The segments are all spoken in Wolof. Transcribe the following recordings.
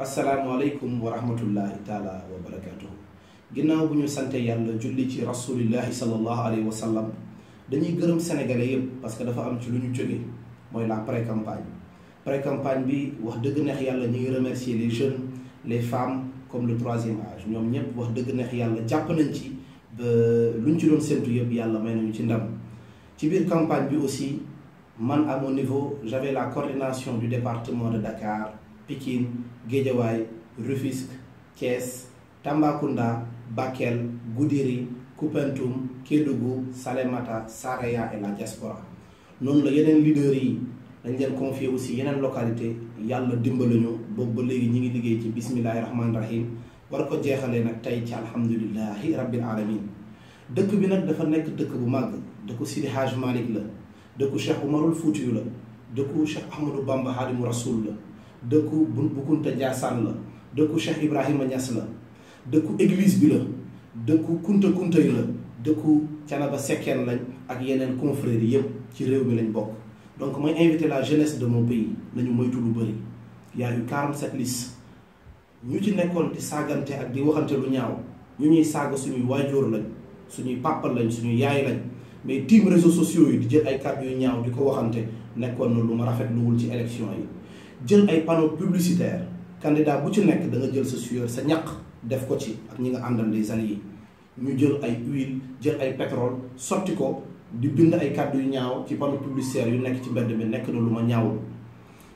asalaamualeykum wa rahmatullahi taala wa barakatuhu ginnaaw bu ñu sante yàlla julli ci rasulillahi sallallahu alayhi wa sallam dañuy gërëm sénégalais yëpp parce que dafa am ci lu ñu jógee mooy la pré campagne pré campagne bi wax dëgg neex yàlla ñu ngi remercier les jeunes les femmes comme le troisième âge ñoom ñëpp wax dëgg neex yàlla jàpp nañ ci ba luñ ci doon séntu yëpp yàlla may ñu ci ndam ci biir campagne bi aussi man à mon niveau j'avais la coordination du département de Dakar Pikine Guédiawaye Rufisque Thiès Tambacounda Bakel Goudiri Koupentoum Kédougou Salemata Saraya et la diaspora noonu la yeneen leaders yi dañ leen confier aussi yeneen localité yàlla dimbali ñu boobu ba léegi ñi ngi liggéey ci bismillahi rahmaani rahim war ko jeexalee nag tey ci alhamdulilahi rabbil alamin dëkk bi nag dafa nekk dëkk bu màgg dëkku Sidi Hajj la dëkku Cheikh Umarul Fuutiyu la dëkku Cheikh Ahmadou Bamba Xaadimu la dëkku bu Boukounta Ndiassane la dëkku Cheikh Ibrahima Niass la dëkku église bi la dëkku kunta kunta yi la dëkku Canaba Sekkeen lañ ak yeneen confrères yëpp ci réew mi lañ bokk donc mooy invité la jeunesse de mon pays nañu moytu lu bëri y a eu 47 ñu ci nekkoon di saagante ak di waxante lu ñaaw ñu ñuy saaga suñuy waajoor lañ suñuy pàppal lañ suñuy yaay lañ mais team réseaux sociaux yi di jël ay kàddu yu ñaaw di ko waxante nekkoon na lu ma rafetluwul ci élection yi jël ay panneaux publicitaires candidat bu ci nekk da jël sa sueur sa ñaq def ko ci ak ñi nga àndal des années yi ñu jël ay huile jël ay pétrole sotti ko di bind ay kàddu yu ñaaw ci panneaux publicitaires yu nekk ci mbedd bi nekk na lu ma ñaawul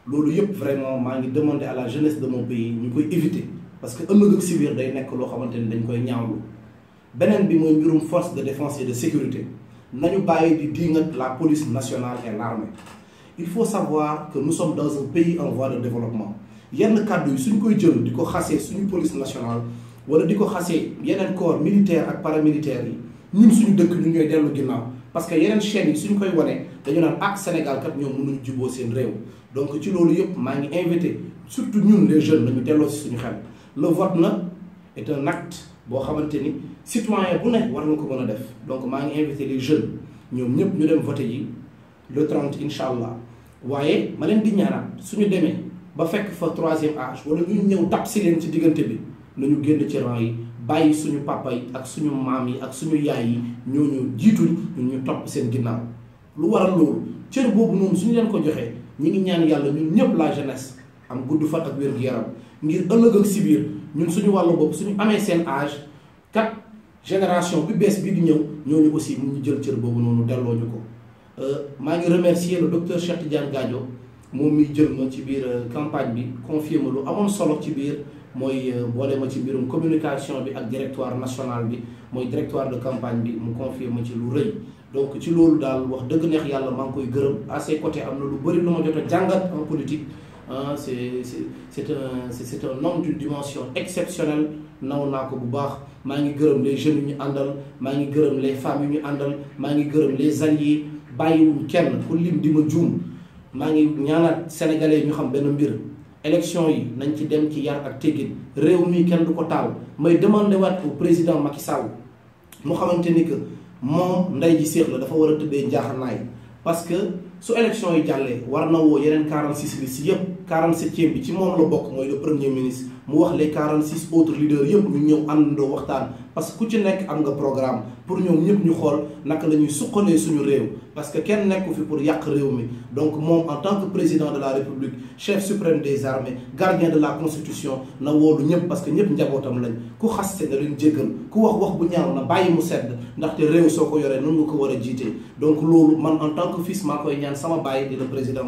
loolu yëpp vraiment maa ngi demander à la jeunesse de mon pays ñu koy éviter parce que ëllëg ak si biir day nekk loo xamante ni dañ koy ñaawlu beneen bi mooy mbirum force de défense et de sécurité nañu bàyyi di la police nationale et l'armée il faut savoir que nous sommes dans un pays en voie de développement yenn kàddu yi suñ koy jël di ko xasee suñu police nationale wala di ko xasee yeneen corps militaire ak paramilitaire yi ñun suñu dëkk ñun ñooy dellu ginnaaw parce que yeneen chaînes yi suñ koy wane dañu naan ak ah, Sénégal kat ñoom mënuñu juboo seen réew donc ci loolu yëpp maa ngi invité surtout ñun les jeunes nañu delloo si suñu xel le vote na est un acte boo xamante ni citoyen bu nekk war nga ko mën a def donc maa ngi invité les jeunes ñoom ñëpp ñu dem voté yi le 30 incha allah waaye ma leen di ñaanaat suñu demee ba fekk fa troisième âge wala ñu ñëw tap si ci diggante bi nañu génn ci yi bàyyi suñu papa yi ak suñu maam yi ak suñu yaay yi ñooñu jiitu ñun ñu topp seen ginnaaw lu waral loolu cër boobu noonu suñu leen ko joxee ñu ngi ñaan yàlla ñun ñëpp la jeunesse am gudd fan ak wér-gu-yaram ngir ëllëg si biir ñun suñu wàllu bopp suñu amee seen age kat génération bi bees bi di ñëw ñooñu aussi mu ñu jël cër boobu noonu delloo ko. Euh, maa ngi remercier le docteur Cheikh Tidiane Gadio moom mi jël ma ci biir euh, campagne bi confier ma lu amoon solo ci biir mooy euh, boole ma ci mbirum communication bi ak directoire national bi mooy directoire de campagne bi mu confier ma ci lu rëy donc ci loolu daal wax dëgg neex yàlla maa ngi koy gërëm à ses côtés am na lu bëri lu ma jot a jàngat en politique ah c' est c' est un c' est un homme dimension exceptionnelle naw naa ko bu baax maa ngi gërëm les jeunes yu ñu àndal maa ngi gërëm les yu ñu àndal maa ngi gërëm les alliés. bàyyiwul kenn ku lim di ma juum maa ngi ñaanaat sénégalais ñu xam benn mbir élection yi nañ ci dem ci yar ak teggin réew mii kenn du ko taal may demandé waat au président Macky Sall mu xamante ni que moom ndey ji séex la dafa war a tëddee njaaxanaay parce que su élection yi jàllee war na woo yeneen 46 listes yépp 47e bi ci moom la bokk mooy le premier ministre mu wax les 46 autres leaders yëpp ñu ñëw àndandoo waxtaan parce que ku ci nekk am nga programme pour ñoom ñëpp ñu xool naka la ñuy suqalee suñu réew parce que kenn nekku fi pour yàq réew mi donc moom en tant que président de la république chef suprême des armées gardien de la constitution na woolu ñëpp parce que ñëpp njabootam lañ ku xaste na leen jéggal ku wax wax bu ñaaw na bàyyi mu sedd ndaxte réew soo ko yoree noonu ko war a jiitee donc loolu man en tant que fils maa sama bàyyi di le président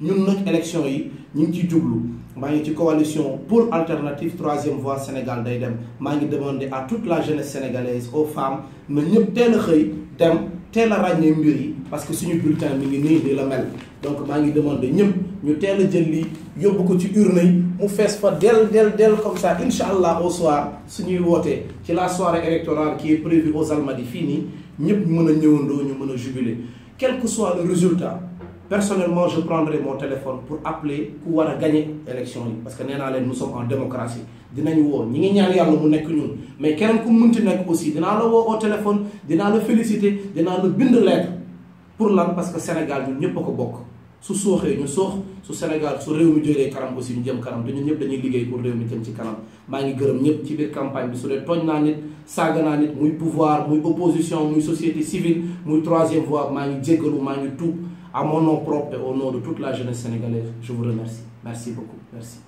ñun nag élection yi ñu ngi ciy jublu maa ngi ci coalition pour alternative troisième voie Sénégal day dem maa ngi demander à toute la jeunesse sénégalaise aux femmes na ñëpp teel xëy dem teel a ràññee mbir yi parce que suñu bulletin mi ngi nii nii la mel donc maa ngi demander ñëpp ñu teel a jël lii yóbbu ko ci urne yi mu fees fa del del del comme ça incha allah au soir suñuy wootee ci la soirée électorale qui est prévue aux Almadies fii nii ñëpp mën a ñëwandoo ñu mën a jubiler quel que le résultat personnellement je prendrai mon téléphone pour appeler ku war a gagner élection yi parce que nee naa leen nous sommes en démocratie dinañu woo ñi ngi ñaan yàlla mu nekk ñun mais keneen ku munti nekk aussi dinaa la woo au téléphone dinaa la féliciter dinaa la bind lettre pour lan parce que Sénégal ñun ñëpp ko bokk su sooxee ñu soox su Sénégal su réew mi jëlee kanam aussi ñu jëm kanam te ñun ñëpp dañuy liggéey pour réew mi jëm ci kanam maa ngi gërëm ñëpp ci biir campagne su dee tooñ naa nit saaga muy pouvoir muy opposition muy société civile muy troisième voie maa ngi jéggalu maa ngi tuub À mon nom propre et au nom de toute la jeunesse sénégalaise, je vous remercie. Merci beaucoup. Merci.